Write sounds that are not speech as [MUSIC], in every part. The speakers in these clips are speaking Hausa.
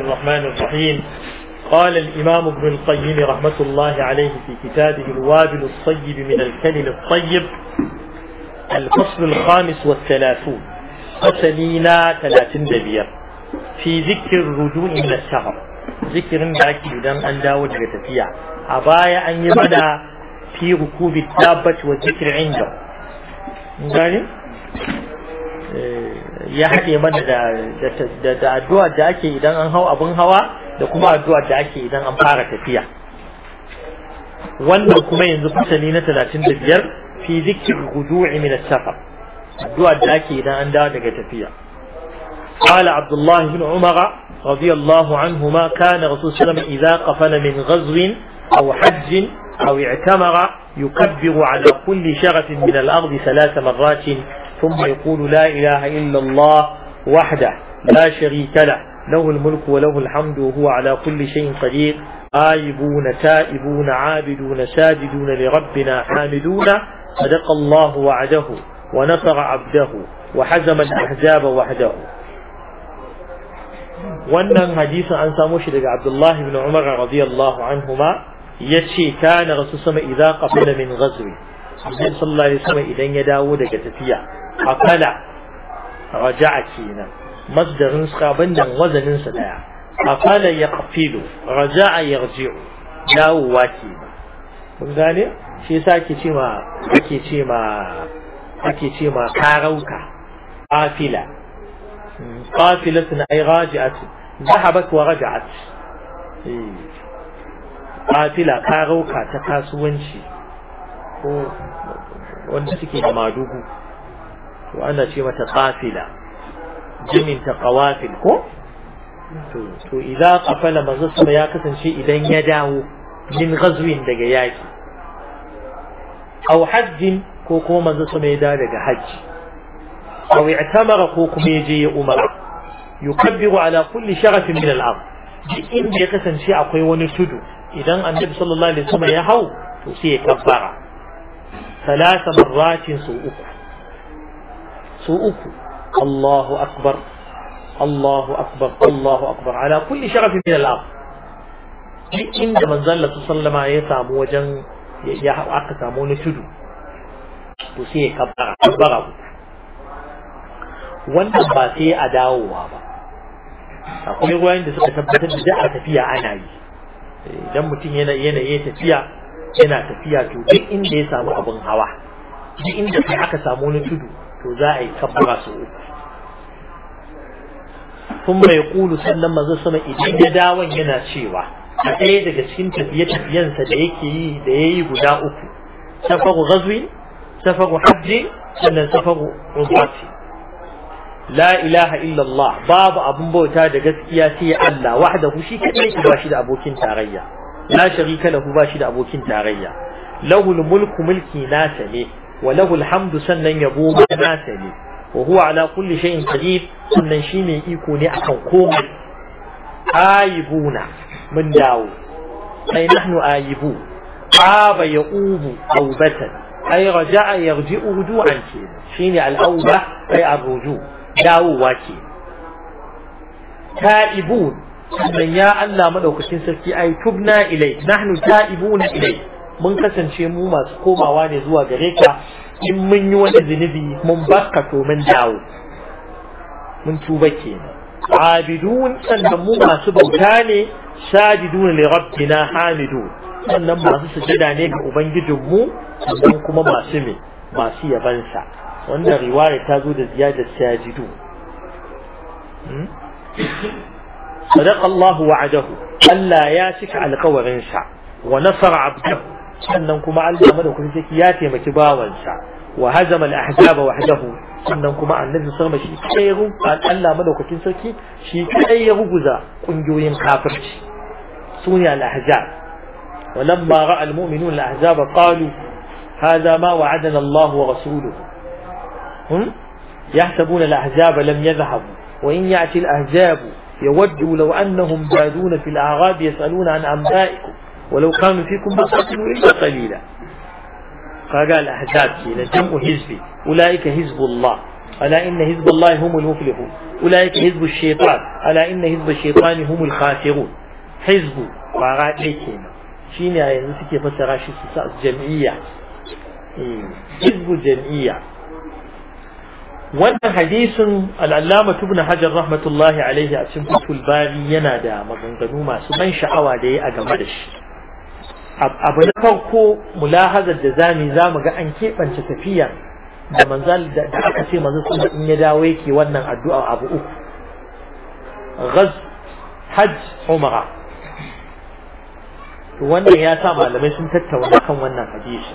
الرحمن الرحيم قال الإمام ابن القيم رحمة الله عليه في كتابه الوابل الصيب من الكلم الطيب الفصل الخامس والثلاثون فسنينا ثلاثين دبير في ذكر الرجوع من الشهر ذكر ذاك يدان أن داود فيها عبايا أن يبدأ في ركوب الدابة والذكر عنده قال ya haɗe mana da da addu'a da ake idan an hau abin hawa da kuma addu'a da ake idan an fara tafiya wannan kuma yanzu fasali na biyar fi zikri gudu'i min as-safar addu'a da ake idan an dawo daga tafiya قال عبد الله بن عمر رضي الله عنهما كان رسول الله إذا قفل من غزو أو حج أو اعتمر يكبر على كل شغف من الأرض ثلاث مرات ثم يقول لا إله إلا الله وحده لا شريك له له الملك وله الحمد وهو على كل شيء قدير آيبون تائبون عابدون ساجدون لربنا حامدون صدق الله وعده ونصر عبده وحزم الأحزاب وحده wannan hadisin an samo shi daga Abdullah ibn Umar radiyallahu anhuma yace kana rasul sama idza qafala min ghazwi Annabi sallallahu alaihi wasallam idan ya dawo daga tafiya akala raja'a kenan masdarin sa bandan wazanin sa daya ya yaqfilu raja'a yarji'u dawo kenan kun gane shi yasa ake ce ma ake ce ma ake ce ma karauka afila qafilatun ay raji'atun dhahabat wa raja'at afila karauka ta kasuwanci ko wanda suke da madugu وأنا شيء متقافلة جمين تقوافل كو تو, تو إذا قفل مغزس مياكس شيء إذا يداو من غزو دقا ياكي أو حج كو كو مغزس ميدا دقا حج أو اعتمر كو كو ميجي أمر يكبر على كل شرف من الأرض جئين بيقس شيء أقوي ونسدو إذا النبي صلى الله عليه وسلم يهو تو سي سيكبر ثلاث مرات سوء su uku Allahu akbar Allahu akbar Allahu akbar ala kulli sharafin min al-ard duk inda manzon Allah sallama ya samu wajen ya aka samu wani tudu to sai ya kabbara kabbara wannan ba sai a dawowa ba akwai ruwayen da suka tabbatar da a tafiya ana yi idan mutum yana yana tafiya yana tafiya to duk inda ya samu abin hawa duk inda sai aka samu wani tudu to za a yi kabbara su uku kun mai kulu sannan manzo sama idan ya dawon yana cewa a ɗaya daga cikin tafiye-tafiyensa da yake yi da ya yi guda uku safaru ghazwi safaru hajji sannan safaru umrati la ilaha illallah babu abun bauta da gaskiya sai Allah wahdahu shi kadai ba shi da abokin tarayya la sharika lahu ba shi da abokin tarayya lahul mulku mulki nasa ne وله الحمد سنن يبو ناسلي وهو على كل شيء قدير سنن شي مي ايكو ني اكن من داو اي نحن آيبو آب يؤوب أوبة اي رجع يرجع رجوعا شيني الاوبة اي الرجوع داو واكي تائبون سنن يا الله madaukakin sarki أي تبنا إليك نحن تائبون إليك mun kasance mu masu komawa ne zuwa gare ka in mun yi wani zunubi mun baka to mun dawo mun tuba kenan abidun sannan mu masu bauta ne sajidun li rabbina hamidu sannan masu sujada ne ga ubangijin mu sannan kuma masu me masu yabansa wannan riwaya ta zo da ziyada sajidu صدق الله وعده ألا ياسك على قورنسا ونصر عبده sannan kuma Allah madaukakin sarki ya taimaki bawansa wa hazama al-ahzab wahdahu sannan kuma annabi sallama shi kai ya rubuta Allah madaukakin sarki shi kai ya ruguza kungiyoyin kafirci sunya al-ahzab ra'a al-mu'minuna al-ahzab ولما راى المؤمنون الاحزاب قالوا هذا ما وعدنا الله ورسوله هم يحسبون الاحزاب لم يذهبوا وان ياتي الاحزاب يودوا لو انهم بادون في arab yas'aluna an anba'ikum ولو كانوا فيكم ما قتلوا إلا قليلا فقال أحزابي إلى جمع حزبي أولئك حزب الله ألا إن حزب الله هم المفلحون أولئك حزب الشيطان ألا إن حزب الشيطان هم الخاسرون حزب قراءة كينا شين يعني آية؟ سكي فسر جمعية إيه. حزب جمعية وأن حديث العلامة ابن حجر رحمة الله عليه أسمته الباري ينادى yana da maganganu masu ban sha'awa abu na farko mulahazar da zami za mu ga an keɓance tafiya da manzal da aka ce maza sun in ya dawo yake wannan addu'a abu uku ghaz hajj umara wannan ya sa malamai sun tattauna kan wannan hadisi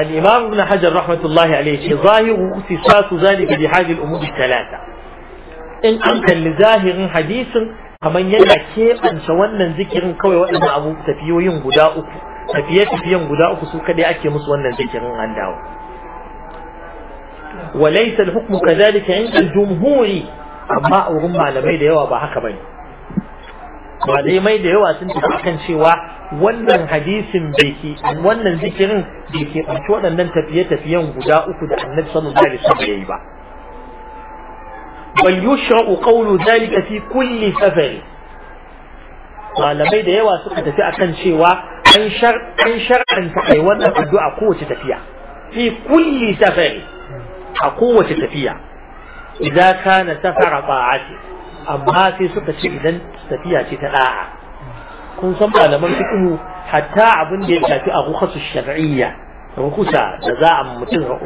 al-imam ibn hajar rahmatullahi alayhi zahiru ikhtisasu zalika bi hadhihi al-umur thalatha in an kalli zahirin hadisin kamar yana keɓance wannan zikirin kawai waɗannan abu tafiyoyin guda uku tafiye-tafiyen guda uku su kaɗai ake musu wannan zikirin an dawo وليس الحكم كذلك عند الجمهور amma a wurin malamai da yawa ba haka bane malamai da yawa sun tafi kan cewa wannan hadisin bai wannan zikirin bai ke waɗannan tafiye-tafiyen guda uku da annabi sallallahu alaihi wasallam yi ba وليشرع قول ذلك في كل سفر قال بيد يوا سكت في أكن شوى أن شر أن شر أن قوة تفيا في كل سفر قوة تفيا إذا كان سفر طاعته أما في سكت إذن تفيا تتاعة كن سمع لما تكون حتى عبن يجاتي أغخص الشرعية rukusa da za a mutum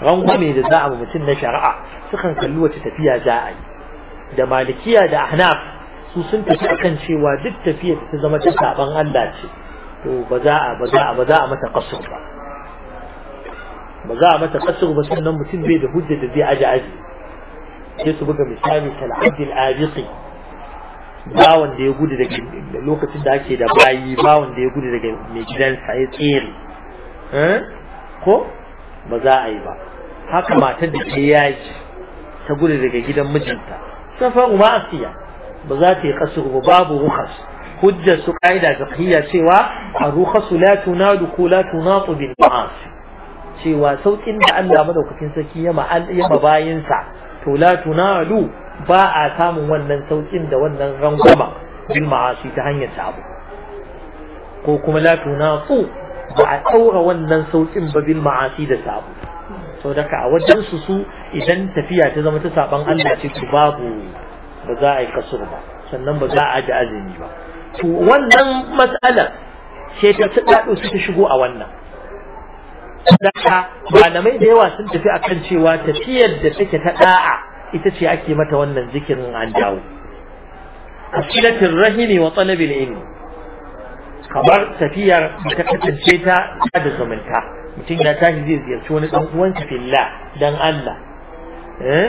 rangwame da za a mutum na shari'a sukan kalli wace tafiya za a yi da malikiya da ahnaf su sun tafi akan cewa duk tafiya ta zama ta saban Allah ce to ba za a ba za a ba za a mata kasur ba ba za a mata kasur ba sannan mutum bai da hujja da zai aje aji sai su buga misali kal abdul abiqi bawon da ya gudu daga lokacin da ake da bayi bawon da ya gudu daga mai gidansa ya tsere Eh? ko ba za a yi ba haka matar da ya yaji ta gudu daga gidan mijinta safaru ma asiya ba za ta yi kasu ba babu rukas hujjar su ka'ida fiya cewa a rukasu la tunadu ko la tunaqu bil ma'as cewa saukin da Allah madaukakin sarki ya ma bayinsa to la tunadu ba a samun wannan sauƙin da wannan rangwama bil ma'asi ta hanyar sabo ko kuma la tunaqu ba a ɗaura wannan sauƙin ba bin ma'asi da sabu sau daga a wajen su su idan tafiya ta zama ta saban Allah ce ku babu ba za a yi kasur ba sannan ba za a ji azumi ba to wannan matsalar ce ta ta ɗaɗo su ta shigo a wannan daga malamai da yawa sun tafi a kan cewa tafiyar da take ta ɗa'a ita ce ake mata wannan zikirin an dawo asilatin rahimi wa talabil ilmi kamar tafiyar ta kasance ta da zumunta mutum ya tashi zai ziyarci wani dan uwansa fillah dan Allah eh,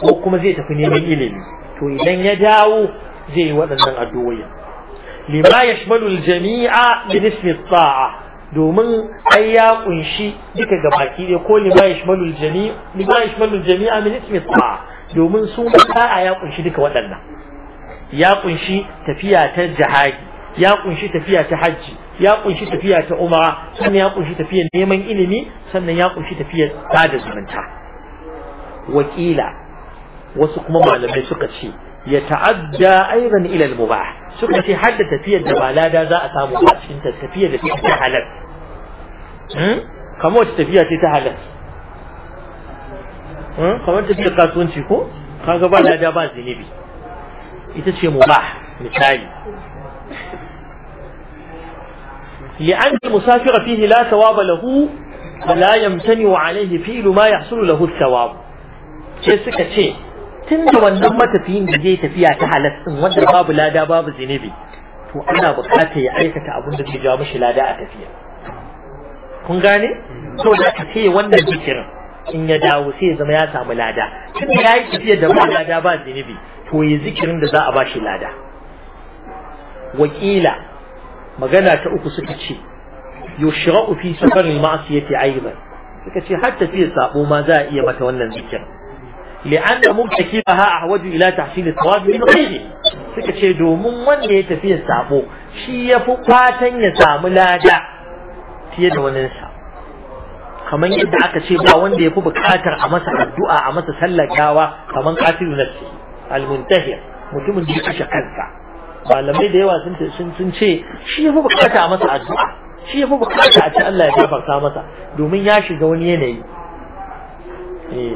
ko kuma zai tafi neman ilimi to idan ya dawo zai yi waɗannan addu'o'i lima yashmalu al-jami'a bi nismi ta'a domin ai ya kunshi duka ga baki ko lima yashmalu jami lima yashmalu jami'a min ismi sa'a domin su sa'a ya kunshi duka waɗannan ya kunshi tafiya ta jihadi ya kunshi tafiya ta hajji ya kunshi tafiya ta umara sannan ya kunshi tafiya neman ilimi sannan ya kunshi tafiyar bada zumunta wakila wasu kuma malamai suka ce ya ta'adda aidan ila al-mubah suka ce hadda tafiyar da ba lada za a samu ba cikin tafiyar da take ta halal hmm? kamar wacce tafiya ce ta halal hmm? kamar tafiyar kasuwanci ko kaga ba lada ba zinibi ita ce mubah misali لأن المسافر فيه لا ثواب له فلا يمتنع عليه فعل ما يحصل له الثواب sai suka ce tun da wannan matafiyin da zai tafiya ta halas din wanda babu lada babu zinubi to ana bukatar ya aikata abun da zai jawo mishi lada a tafiya kun gane to da ka ce wannan zikirin in ya dawo sai ya zama ya samu lada tun da ya yi tafiya da ba lada ba zinubi to ya zikirin da za a ba shi lada wakila magana ta uku suka ce yushra'u fi safarin ma'asiyati aidan suka ce har tafiya sabo ma za a iya mata wannan zikir li'anna mubtakibaha ahwaju ila tahsil as-sawab min ghayri suka ce domin wanda ya tafiya sabo shi ya fi fatan ya samu lada fiye da wani sa kamar yadda aka ce ba wanda ya fi bukatar a masa addu'a a masa sallakawa kamar katilu nafsi al-muntahir mutumin da ya kashe kansa malamai da yawa sun sun ce shi yafi bukata masa addu'a shi yafi bukata a ce Allah ya gafarta masa domin ya shiga wani yanayi eh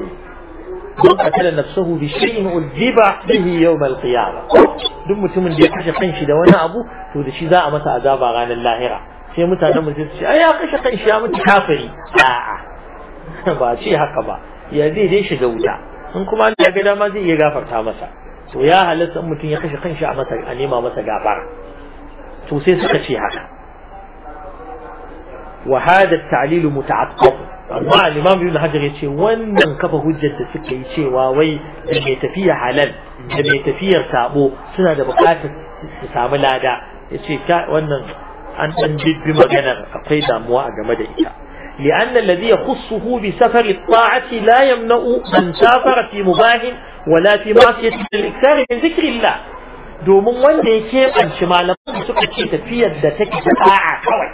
don qatala nafsuhu bi shay'in uljiba bihi yawm al ba. duk mutumin da ya kashe kanshi da wani abu to da shi za a masa azaba ranar lahira sai mutanen mu sai su ce ai ya kashe kanshi ya mutu kafiri a'a [LAUGHS] ba ce haka ba ya zai dai shiga wuta in kuma Allah ya ga dama zai iya gafarta masa to ya halatta mutun ya kashe kansa a masa a nema masa gafara to sai suka ce haka wa hada ta'lil muta'aqqab amma al-imam ibn hajar yace wannan kafa hujjar da suka yi cewa wai da mai tafiya halal da mai tafiyar sabo suna da bukatar su samu lada yace wannan an dan bibbi magana akwai damuwa a game da ita لأن الذي يخصه بسفر الطاعة لا يمنع من سافر في مباه wala fi ma'siyati al-ikthar min zikrillah domin wanda ya keɓance malaman suka ce tafiyar da take da'a kawai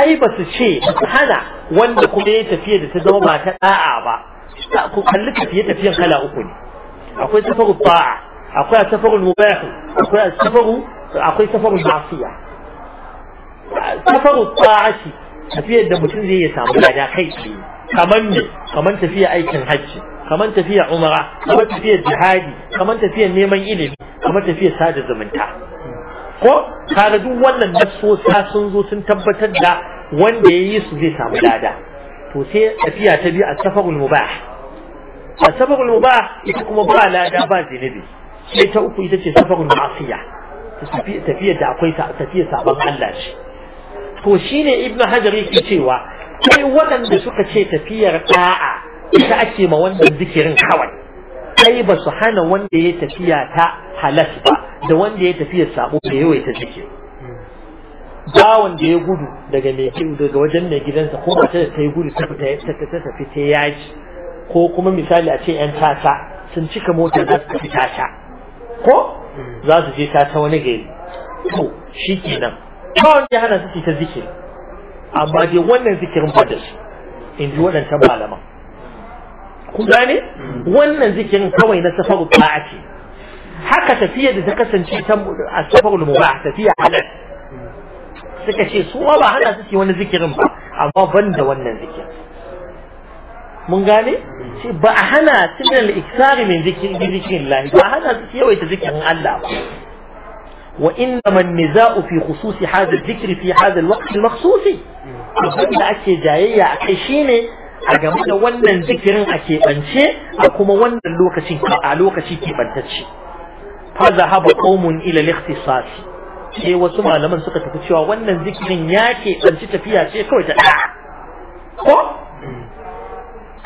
ai ba su ce hana wanda kuma ya tafiya da ta zama ba ta da'a ba ku kalli tafiye tafiyan kala uku ne akwai safaru ba'a akwai safaru mubahu akwai safaru safaru masiya safaru ta'ati tafiyar da mutum zai ya samu lada kai tsaye kaman ne tafiya aikin hajji kamar tafiya umara kamar tafiya jihadi kamar tafiya neman ilimi kamar tafiya sada zumunta ko kaga duk wannan nassosa sun zo sun tabbatar da wanda ya yi su zai samu dada. to sai tafiya ta biyu a safarul mubah a safarul mubah ita kuma ba lada ba zinabi sai ta uku ita ce safarul ma'asiya tafiyar da akwai ta, tafiya sabon Allah shi. to shine ibnu hajar yake cewa kai waɗanda suka ce tafiyar da'a ita ake ma wannan zikirin kawai ai ba su hana wanda ya tafiya ta halas ba da wanda ya tafiya sabo da yawaita zikiri bawan da ya gudu daga mai wajen mai gidansa ko matar da ta yi gudu ta tafi ta yaji ko kuma misali a ce yan tata sun cika motar za su tafi tata ko za su je tata wani gari to shi kenan ba wanda hana su ta zikiri amma dai wannan zikirin ba da su in ji waɗancan malaman kun gane wannan zikirin kawai na safaru ba'a ce haka tafiya da ta kasance ta asafarul mubah tafiya halal suka ce su ba hana suke wani zikirin ba amma banda wannan zikirin mun gane shi ba a hana sunan iksari min zikirin lahi ba a hana su ta zikirin Allah ba wa inna man niza'u fi khusus hadha al dhikri fi hadha al-waqt al-makhsus abinda ake jayayya akai shine a game da wannan zikirin a keɓance a kuma wannan lokacin a lokaci keɓantacce fa zahaba qaumun ila al-ikhtisas sai wasu malaman suka tafi cewa wannan zikirin ya keɓanci tafiya ce kawai ta ɗaya ko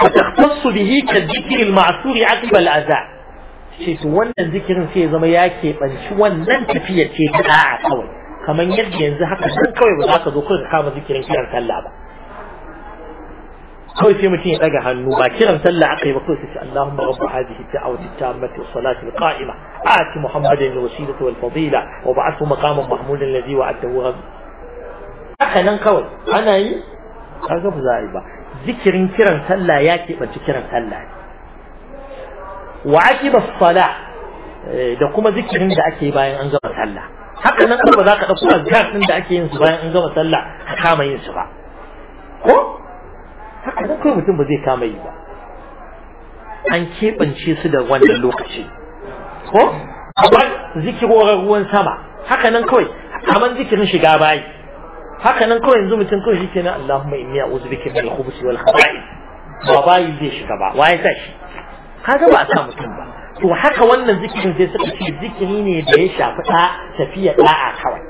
فتختص به كالذكر المعصور عقب الأذى ce to wannan zikirin sai ya zama ya keɓanci wannan tafiyar ce ta a'a kawai kamar yadda yanzu haka sun kawai ba za ka zo kawai ka kama zikirin kiran sallah ba كل شيء متين أجاه مباشرة سلا عقب قصص اللهم رب هذه الدعوة التامة والصلاة القائمة آت محمد الوسيلة والفضيلة وبعثه مقام محمود الذي وعدته رب أخنا قول أنا ي... أغب زائبة ذكر كرا سلا ياكي من ذكر سلا وعجب الصلاة دقوم ذكر عند أكي باين أنزم سلا حقا نقول ذاك أقول ذاك عند أكي ينزم سلا حقا ما haka nan kawai mutum ba zai kama yi ba an keɓance su da wannan lokaci ko amma zikirorin ruwan sama haka nan kawai amma zikirin shiga bayi haka nan kawai yanzu mutum kawai shike na Allahumma inni a'udhu bika min al-khubuthi wal khaba'ith ba bayi zai shiga ba waye sa shi kaga ba a sa mutum ba to haka wannan zikirin zai saka shi zikiri ne da ya shafi ta tafiya da'a kawai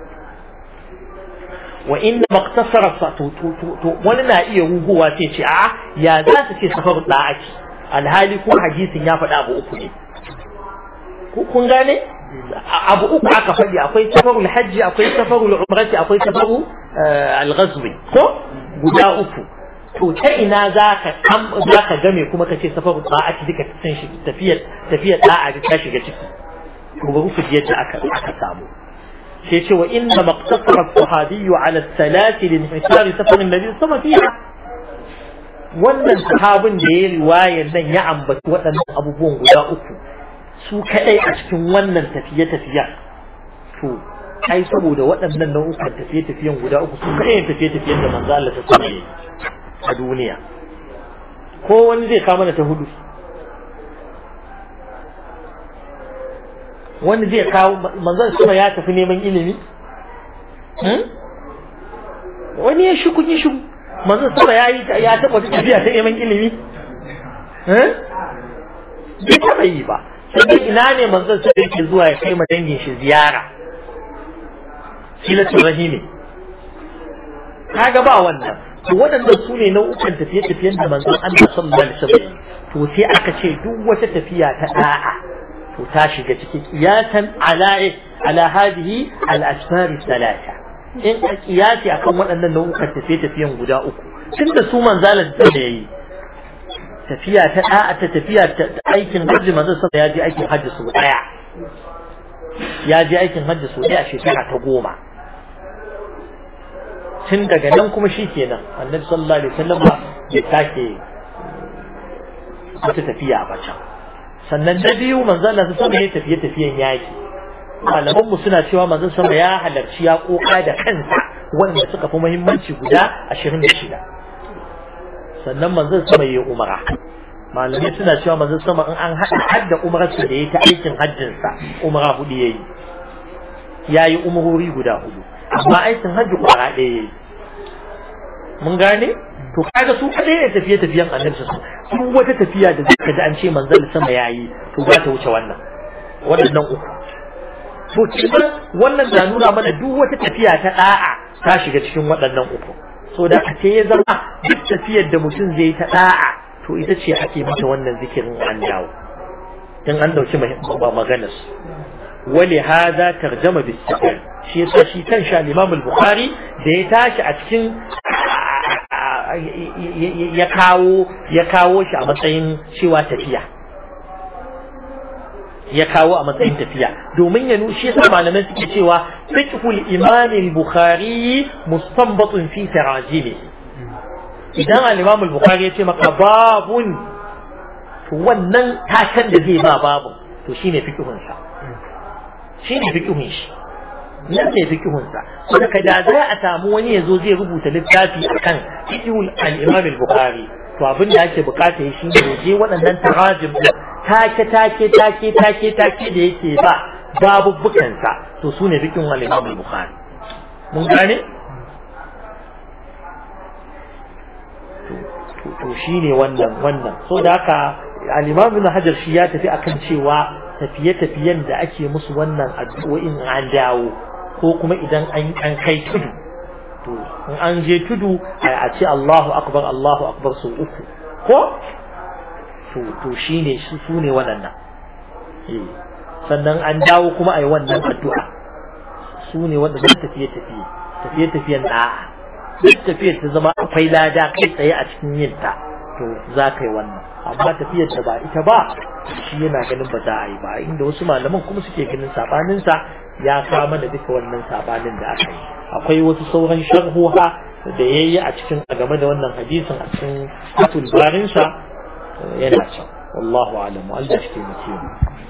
wa inna maqtasara to wani na iya ruhuwa sai ce a ya za su ce safaru da'aki alhali ko hadisin ya faɗa abu uku ne kun gane abu uku aka faɗi akwai safarul hajji akwai safarul umrati akwai safaru eh, al-ghazwi ko guda uku to ta ina za ka za ka game kuma ka ce safaru da'aki duka san shi tafiyar tafiyar da'a ta shiga ciki to ba ku ji yadda aka samu sai ce wa inna maqtasara sahabiyyu ala salati lin hisari safarin nabi sama fiha wannan sahabin da ya riwayar nan ya ambaci waɗannan abubuwan guda uku su kadai a cikin wannan tafiye-tafiyen to ai saboda waɗannan nau'ukan tafiye-tafiyen guda uku su kadai tafiye-tafiyen da manzo Allah ta a duniya ko wani zai kama na ta hudu wani zai kawo manzon sama ya tafi neman ilimi hmm? wani ya shi kun yi shi manzon sama ya yi ya taba tafiya ta neman ilimi hmm? bai taba yi ba sai ina ne manzon sama yake zuwa ya kai ma dangin shi ziyara silatul rahimi ga ba wannan to waɗanda su ne nau'ukan tafiye-tafiyen da manzon Allah sallallahu alaihi wasallam to sai aka ce duk wata tafiya ta da'a to ta shiga ciki qiyasan ala eh, ala in a qiyasi akan waɗannan nau'ukan tafiye tafiyan guda uku tunda su manzalar da yayi tafiya ta da'a ta tafiya aikin hajji manzo sa ya je aikin hajji su daya ya je aikin hajji su daya shekara ta goma tun daga nan kuma shi kenan annabi sallallahu alaihi wasallam wata tafiya a bacan sannan na biyu manzan Allah sama ya tafiye tafiyen yaki malaman mu suna cewa manzan sama ya halarci ya koka da kansa wanda suka fi muhimmanci guda 26 sannan manzon sama ya umara malamai suna cewa manzan sama in an haɗa hadda umararsa da ya ta aikin hajjinsa umara hudu ya yi ya yi umarori guda hudu amma aikin hajji kwara ɗaya ya yi mun gane to kaga su kadai ne tafiye tafiyan annabi sallallahu alaihi wata tafiya da zaka ji an ce manzon sama yayi to za ta wuce wannan waɗannan uku to cikin wannan na nuna mana duk wata tafiya ta da'a ta shiga cikin waɗannan uku so da ce ya zama duk tafiyar da mutum zai yi ta da'a to ita ce ake mata wannan zikirin an dawo in an dauki maganar su ولهذا ترجم بالسفر shi yasa shi kan sha Imam bukhari da ya tashi a cikin ya kawo ya kawo shi a matsayin cewa tafiya ya kawo a matsayin tafiya domin ya nushe sa malaman suke cewa fiqhul imam al-bukhari mustanbat fi tarajimi idan al-imam al-bukhari ya ce maka babun to wannan takan da zai ba babu to shine fiqhun sa shine fiqhun shi nan ne fikihunsa saboda da za a samu wani yazo zai rubuta littafi akan fikihul al-Imam al to abin da ake bukata shi ne je waɗannan tarajim take take take take take da yake ba babubbukansa to su ne bikin al-Imam al mun gane to ne wannan wannan so da haka al Hajar shi ya tafi akan cewa tafiye-tafiyen da ake musu wannan addu'o'in an dawo ko kuma idan an kai tudu to in an je tudu a ce Allahu akbar Allahu akbar sau uku ko to to shine su ne waɗannan eh, sannan an dawo kuma a yi wannan addu'a su ne waɗannan tafiye tafiye tafiye tafiye da'a duk tafiyar ta zama akwai lada kai tsaye a cikin yinta, ta to za ka yi wannan amma tafiyar da ba ita ba shi yana ganin ba za a yi ba inda wasu malaman kuma suke ganin sabaninsa ya kama da duka wannan sabanin da aka yi akwai wasu sauran sharhuha da ya yi a cikin a game da wannan hadisin a cikin fatul yana can wallahu alamu Allah shi taimake